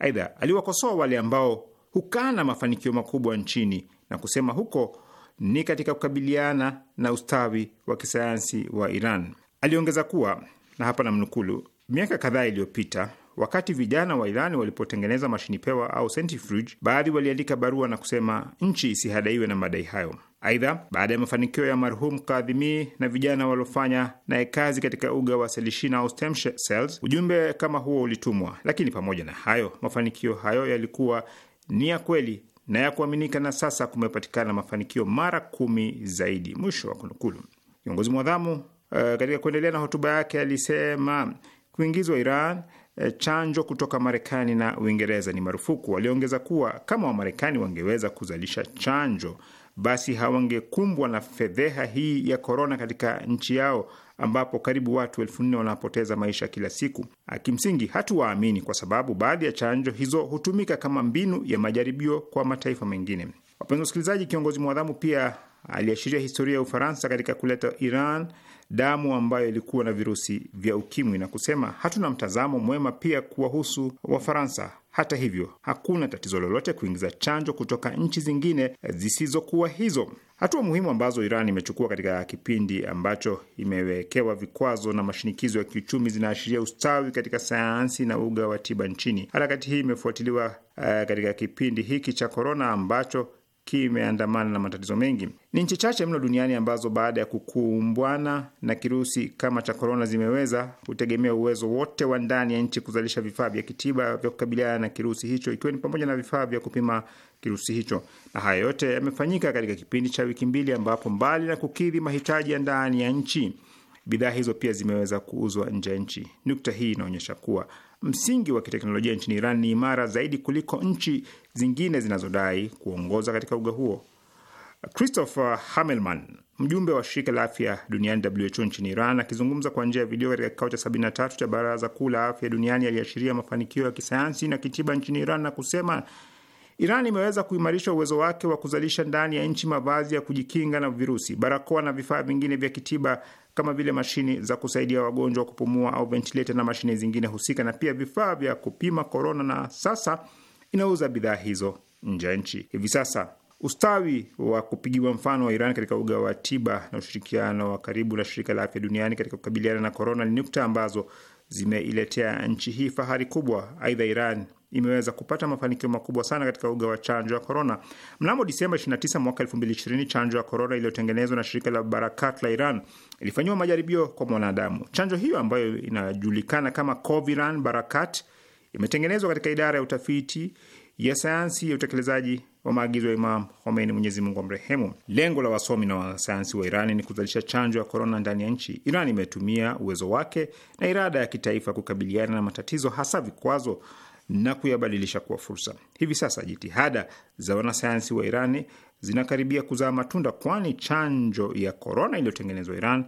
Aidha, aliwakosoa wale ambao hukana mafanikio makubwa nchini na kusema huko ni katika kukabiliana na ustawi wa kisayansi wa Iran. Aliongeza kuwa na hapa namnukulu, miaka kadhaa iliyopita wakati vijana wa Irani walipotengeneza mashini pewa au centrifuge, baadhi waliandika barua na kusema nchi isihadaiwe na madai hayo. Aidha, baada ya mafanikio ya marhum kadhimi na vijana waliofanya naye kazi katika uga wa selishina au stem cells, ujumbe kama huo ulitumwa. Lakini pamoja na hayo, mafanikio hayo yalikuwa ni ya kweli na ya kuaminika, na sasa kumepatikana mafanikio mara kumi zaidi. Mwisho wa kunukulu. Kiongozi mwadhamu uh, katika kuendelea na hotuba yake alisema kuingizwa Iran eh, chanjo kutoka Marekani na Uingereza ni marufuku. Waliongeza kuwa kama Wamarekani wangeweza kuzalisha chanjo basi hawangekumbwa na fedheha hii ya korona katika nchi yao ambapo karibu watu elfu nne wanapoteza maisha kila siku. Kimsingi hatuwaamini kwa sababu baadhi ya chanjo hizo hutumika kama mbinu ya majaribio kwa mataifa mengine. Wapenzi wasikilizaji, kiongozi mwadhamu pia aliashiria historia ya Ufaransa katika kuleta Iran damu ambayo ilikuwa na virusi vya ukimwi na kusema hatuna mtazamo mwema pia kuwahusu Wafaransa. Hata hivyo, hakuna tatizo lolote kuingiza chanjo kutoka nchi zingine zisizokuwa hizo. Hatua muhimu ambazo Iran imechukua katika kipindi ambacho imewekewa vikwazo na mashinikizo ya kiuchumi zinaashiria ustawi katika sayansi na uga wa tiba nchini. Harakati hii imefuatiliwa uh, katika kipindi hiki cha korona ambacho kimeandamana na matatizo mengi. Ni nchi chache mno duniani ambazo baada ya kukumbwana na kirusi kama cha korona zimeweza kutegemea uwezo wote wa ndani ya nchi kuzalisha vifaa vya kitiba vya kukabiliana na kirusi hicho, ikiwa ni pamoja na vifaa vya kupima kirusi hicho, na haya yote yamefanyika katika kipindi cha wiki mbili, ambapo mbali na kukidhi mahitaji ya ndani ya nchi, bidhaa hizo pia zimeweza kuuzwa nje ya nchi. Nukta hii inaonyesha kuwa msingi wa kiteknolojia nchini Iran ni imara zaidi kuliko nchi zingine zinazodai kuongoza katika uga huo. Christopher Hamelman, mjumbe wa shirika la afya duniani WHO nchini Iran, akizungumza kwa njia ya video katika kikao cha 73 cha baraza kuu la afya duniani, aliashiria mafanikio ya kisayansi na kitiba nchini Iran na kusema Iran imeweza kuimarisha uwezo wake wa kuzalisha ndani ya nchi mavazi ya kujikinga na virusi, barakoa na vifaa vingine vya kitiba kama vile mashini za kusaidia wagonjwa kupumua au ventilator na mashine zingine husika, na pia vifaa vya kupima korona, na sasa inauza bidhaa hizo nje ya nchi. Hivi sasa ustawi wa kupigiwa mfano wa Iran katika uga wa tiba na ushirikiano wa karibu na shirika la afya duniani katika kukabiliana na korona ni nukta ambazo zimeiletea nchi hii fahari kubwa. Aidha, Iran imeweza kupata mafanikio makubwa sana katika uga wa chanjo ya korona. Mnamo Disemba 29 mwaka 2020, chanjo ya korona iliyotengenezwa na shirika la Barakat la Iran ilifanyiwa majaribio kwa mwanadamu. Chanjo hiyo ambayo inajulikana kama Coviran Barakat imetengenezwa katika idara ya utafiti ya sayansi ya utekelezaji wa maagizo ya Imam Khomeini, Mwenyezi Mungu amrehemu. Lengo la wasomi na wasayansi wa Irani ni kuzalisha chanjo ya korona ndani ya nchi. Iran imetumia uwezo wake na irada ya kitaifa kukabiliana na matatizo, hasa vikwazo na kuyabadilisha kuwa fursa. Hivi sasa jitihada za wanasayansi wa Irani zinakaribia kuzaa matunda, kwani chanjo ya korona iliyotengenezwa Iran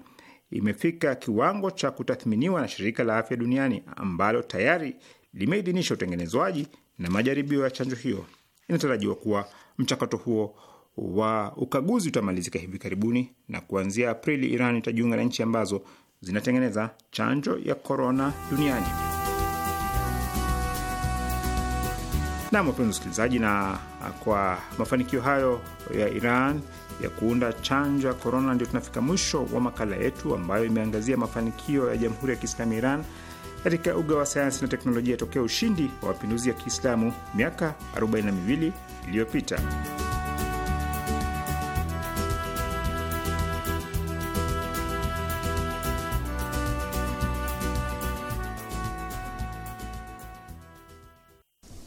imefika kiwango cha kutathminiwa na shirika la afya duniani ambalo tayari limeidhinisha utengenezwaji na majaribio ya chanjo hiyo. Inatarajiwa kuwa mchakato huo wa ukaguzi utamalizika hivi karibuni, na kuanzia Aprili Iran itajiunga na nchi ambazo zinatengeneza chanjo ya korona duniani. Nam, wapenzi wasikilizaji, na uh, kwa mafanikio hayo ya Iran ya kuunda chanjo ya korona, ndio tunafika mwisho wa makala yetu ambayo imeangazia mafanikio ya Jamhuri ya Kiislamu ya Iran katika uga wa sayansi na teknolojia tokea ushindi wa mapinduzi ya Kiislamu miaka 42 iliyopita.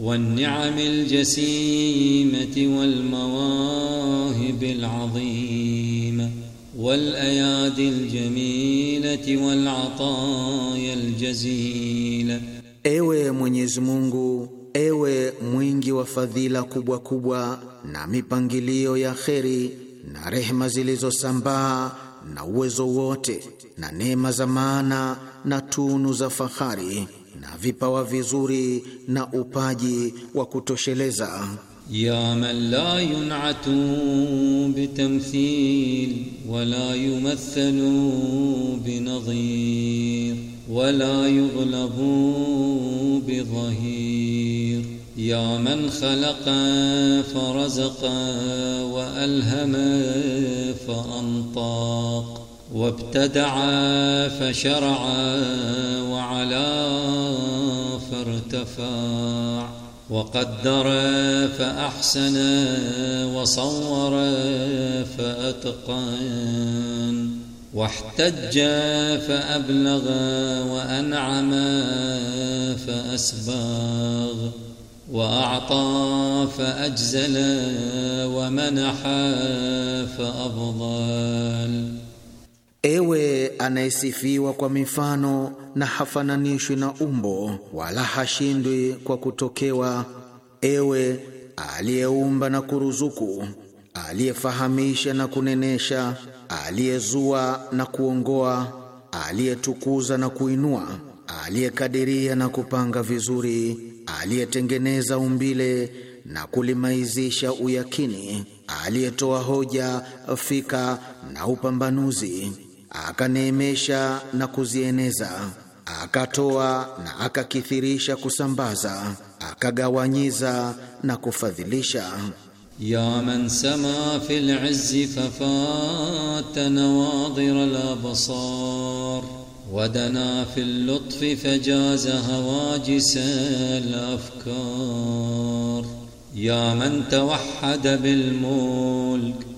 والنعم الجسيمة والمواهب العظيمة والأيادي الجميلة والعطايا الجزيلة Ewe Mwenyezi Mungu, ewe mwingi wa fadhila kubwa kubwa na mipangilio ya kheri na rehema zilizosambaa na uwezo wote na neema za maana na tunu za fahari na vipawa vizuri na upaji wa kutosheleza. ya man la yun'atu bitamthil wala yumathalu binadhir wala yughlabu bidhahir ya man khalaqa farazaqa wa alhama faantaq وابتدع فشرع وعلى كفاع وقدر فأحسن وصور فأتقن واحتج فأبلغ وأنعم فأسباغ وأعطى فأجزل ومنح فأفضل Ewe anayesifiwa kwa mifano na hafananishwi na umbo wala hashindwi kwa kutokewa, ewe aliyeumba na kuruzuku, aliyefahamisha na kunenesha, aliyezua na kuongoa, aliyetukuza na kuinua, aliyekadiria na kupanga vizuri, aliyetengeneza umbile na kulimaizisha uyakini, aliyetoa hoja, fika na upambanuzi akaneemesha na kuzieneza, akatoa na akakithirisha kusambaza, akagawanyiza na kufadhilisha. ya man sama fil izzi fafata nawadir al absar wadana fil lutfi fajaza hawajis al afkar ya man tawahhada bil mulk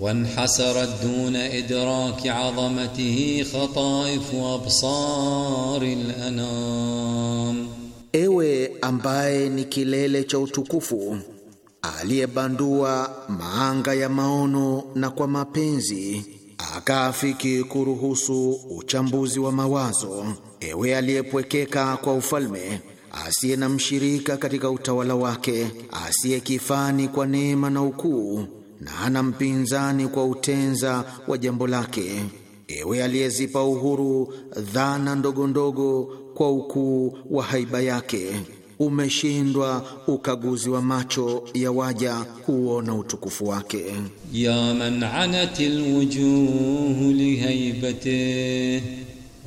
وانحسرت دون إدراك عظمته خطائف أبصار الأنام Ewe ambaye ni kilele cha utukufu aliyebandua maanga ya maono na kwa mapenzi akaafiki kuruhusu uchambuzi wa mawazo. Ewe aliyepwekeka kwa ufalme, asiye na mshirika katika utawala wake, asiye kifani kwa neema na ukuu na hana mpinzani kwa utenza wa jambo lake. Ewe aliyezipa uhuru dhana ndogo ndogo kwa ukuu wa haiba yake, umeshindwa ukaguzi wa macho ya waja kuona utukufu wake. ya man anat alwujuh lihaibatihi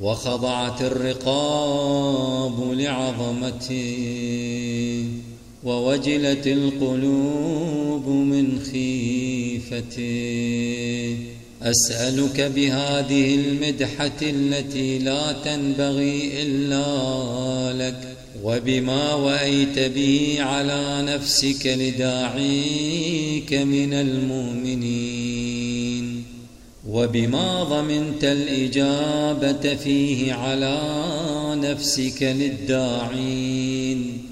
wa khada'at alriqab li'azamatihi ووجلت القلوب من خيفته أسألك بهذه المدحة التي لا تنبغي إلا لك وبما وأيت به على نفسك لداعيك من المؤمنين وبما ضمنت الإجابة فيه على نفسك للداعين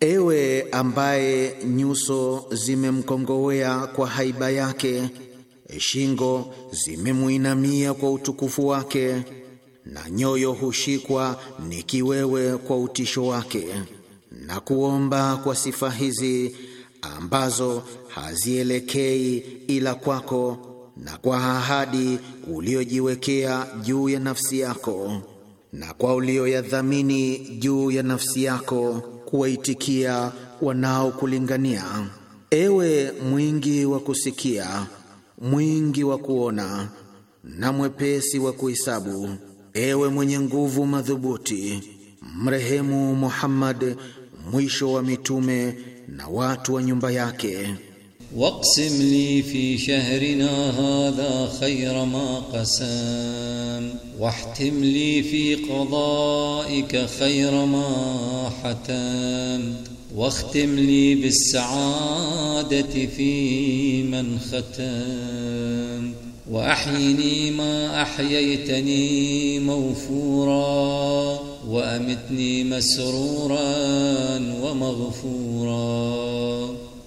Ewe ambaye nyuso zimemkongowea kwa haiba yake, shingo zimemuinamia kwa utukufu wake, na nyoyo hushikwa ni kiwewe kwa utisho wake, na kuomba kwa sifa hizi ambazo hazielekei ila kwako na kwa ahadi uliojiwekea juu ya nafsi yako na kwa ulioyadhamini juu ya nafsi yako kuwaitikia wanaokulingania. Ewe mwingi wa kusikia, mwingi wa kuona na mwepesi wa kuhesabu, ewe mwenye nguvu madhubuti, mrehemu Muhammad mwisho wa mitume na watu wa nyumba yake واقسم لي في شهرنا هذا خير ما قسام واحتم لي في قضائك خير ما حتام واختم لي بالسعادة في من ختم وأحيني ما أحييتني موفورا وأمتني مسرورا ومغفورا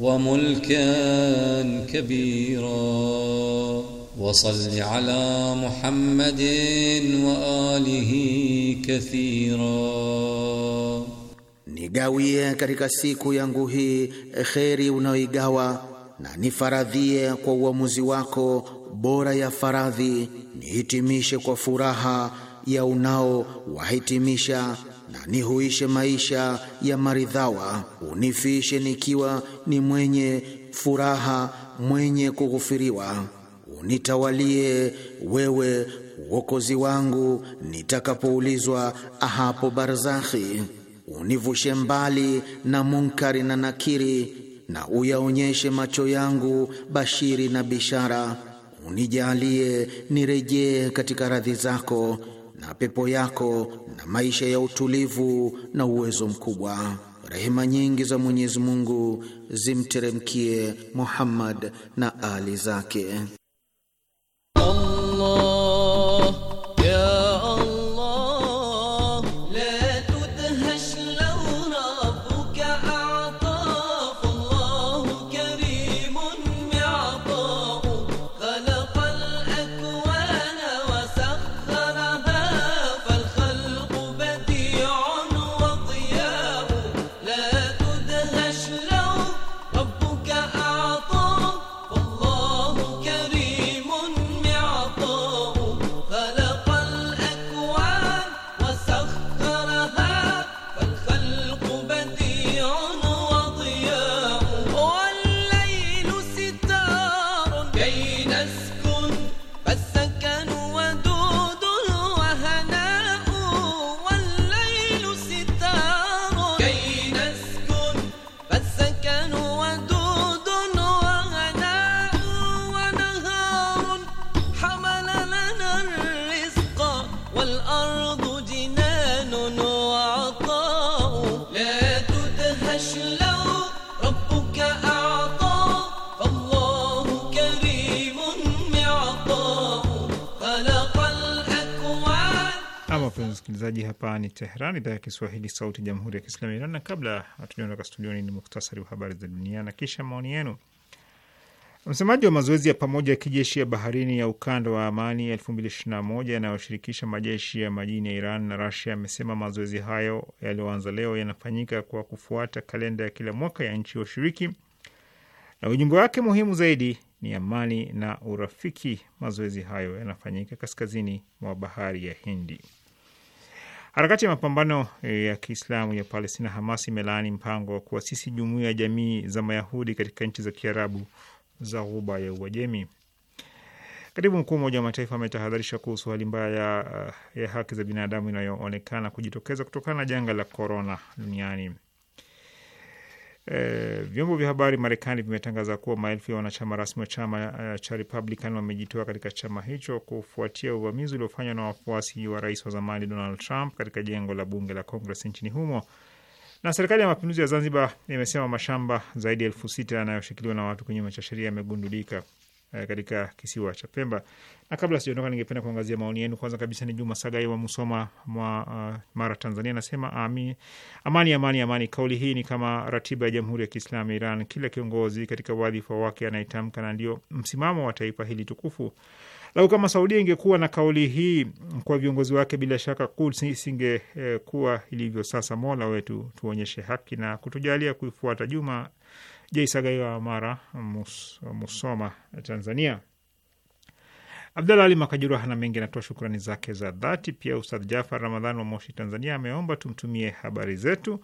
وملكا كبيرا وصل على محمد وآله كثيرا nigawie katika siku yangu hii kheri unayoigawa na nifaradhie kwa uamuzi wako bora ya faradhi, nihitimishe kwa furaha ya unaowahitimisha na nihuishe maisha ya maridhawa, unifishe nikiwa ni mwenye furaha, mwenye kughufiriwa. Unitawalie wewe uokozi wangu nitakapoulizwa hapo barzakhi. Univushe mbali na munkari na nakiri, na uyaonyeshe macho yangu bashiri na bishara. Unijalie nirejee katika radhi zako na pepo yako na maisha ya utulivu na uwezo mkubwa. Rehema nyingi za Mwenyezi Mungu zimteremkie Muhammad na ali zake. Teheran, idhaa ya Kiswahili, sauti ya jamhuri ya kiislamu ya Iran. Na kabla hatujaondoka studioni, ni muktasari wa habari za dunia na kisha maoni yenu. Msemaji wa mazoezi ya pamoja ya kijeshi ya baharini ya ukanda wa amani 2021 yanayoshirikisha majeshi ya majini ya Iran na Rasia amesema mazoezi hayo yaliyoanza leo yanafanyika kwa kufuata kalenda ya kila mwaka ya nchi washiriki, na ujumbe wake muhimu zaidi ni amani na urafiki. Mazoezi hayo yanafanyika kaskazini mwa bahari ya Hindi. Harakati ya mapambano e, ya Kiislamu ya Palestina, Hamas, imelaani mpango wa kuasisi jumuiya ya jamii za Mayahudi katika nchi za Kiarabu za Ghuba ya Uajemi. Katibu mkuu Umoja wa Mataifa ametahadharisha kuhusu hali mbaya ya, ya haki za binadamu inayoonekana kujitokeza kutokana na janga la korona duniani. E, vyombo vya habari Marekani vimetangaza kuwa maelfu ya wanachama rasmi wa chama uh, cha Republican wamejitoa katika chama hicho kufuatia uvamizi uliofanywa na wafuasi wa rais wa zamani Donald Trump katika jengo la bunge la Congress nchini humo. Na serikali ya mapinduzi ya Zanzibar imesema mashamba zaidi ya elfu sita yanayoshikiliwa na watu kinyume cha sheria yamegundulika Eh, katika kisiwa cha Pemba. Na kabla sijaondoka, ningependa kuangazia maoni yenu. Kwanza kabisa ni Juma Sagai wa Musoma mwa uh, Mara, Tanzania, anasema amani, amani, amani. Kauli hii ni kama ratiba ya Jamhuri ya Kiislamu ya Iran. Kila kiongozi katika wadhifa wake anaitamka, na ndio msimamo wa taifa hili tukufu. Lau kama Saudia ingekuwa na kauli hii kwa viongozi wake, bila shaka Quds isingekuwa eh, ilivyo sasa. Mola wetu tuonyeshe haki na kutujalia kuifuata. Juma Jaisagaiwa Mara, Musoma, Tanzania. Abdalla Ali Makajuru hana mengi, anatoa shukrani zake za dhati. Pia Ustadh Jafar Ramadhan wa Moshi, Tanzania, ameomba tumtumie habari zetu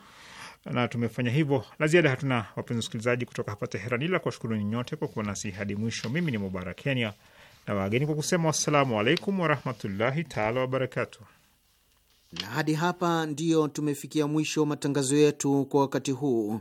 na tumefanya hivyo. La ziada hatuna, wapenzi wasikilizaji, kutoka hapa Teheran, ila kuwashukuru ni nyote kwa kuwa nasi hadi mwisho. Mimi ni Mubarak Kenya na wageni kwa kusema wassalamu alaikum warahmatullahi taala wabarakatuh. Na hadi hapa ndiyo tumefikia mwisho matangazo yetu kwa wakati huu.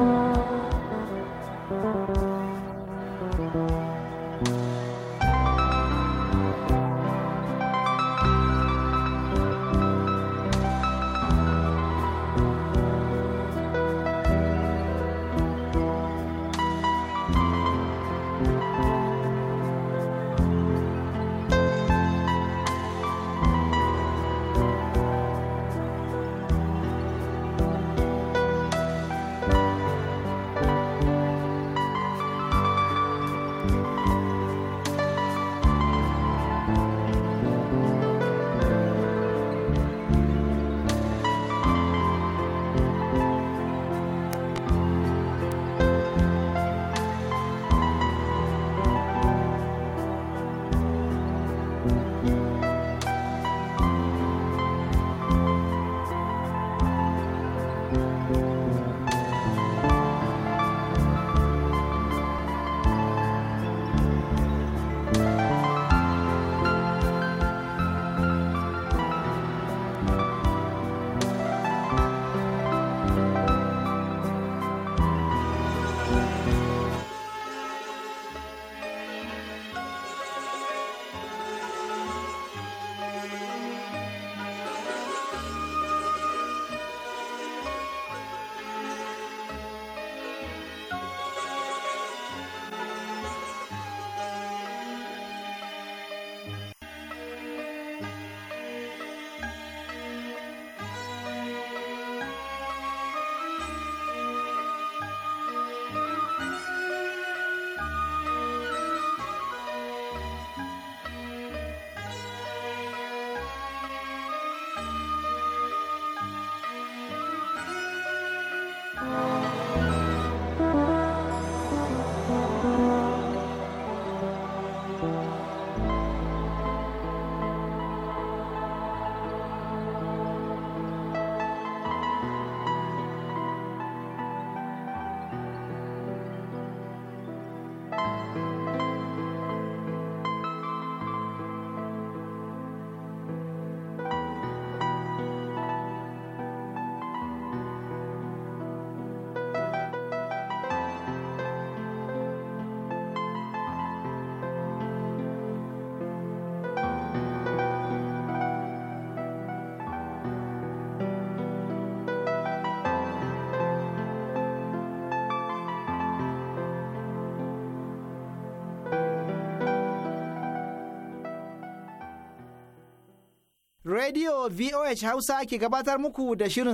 radio VOH hausa ke gabatar muku da shirin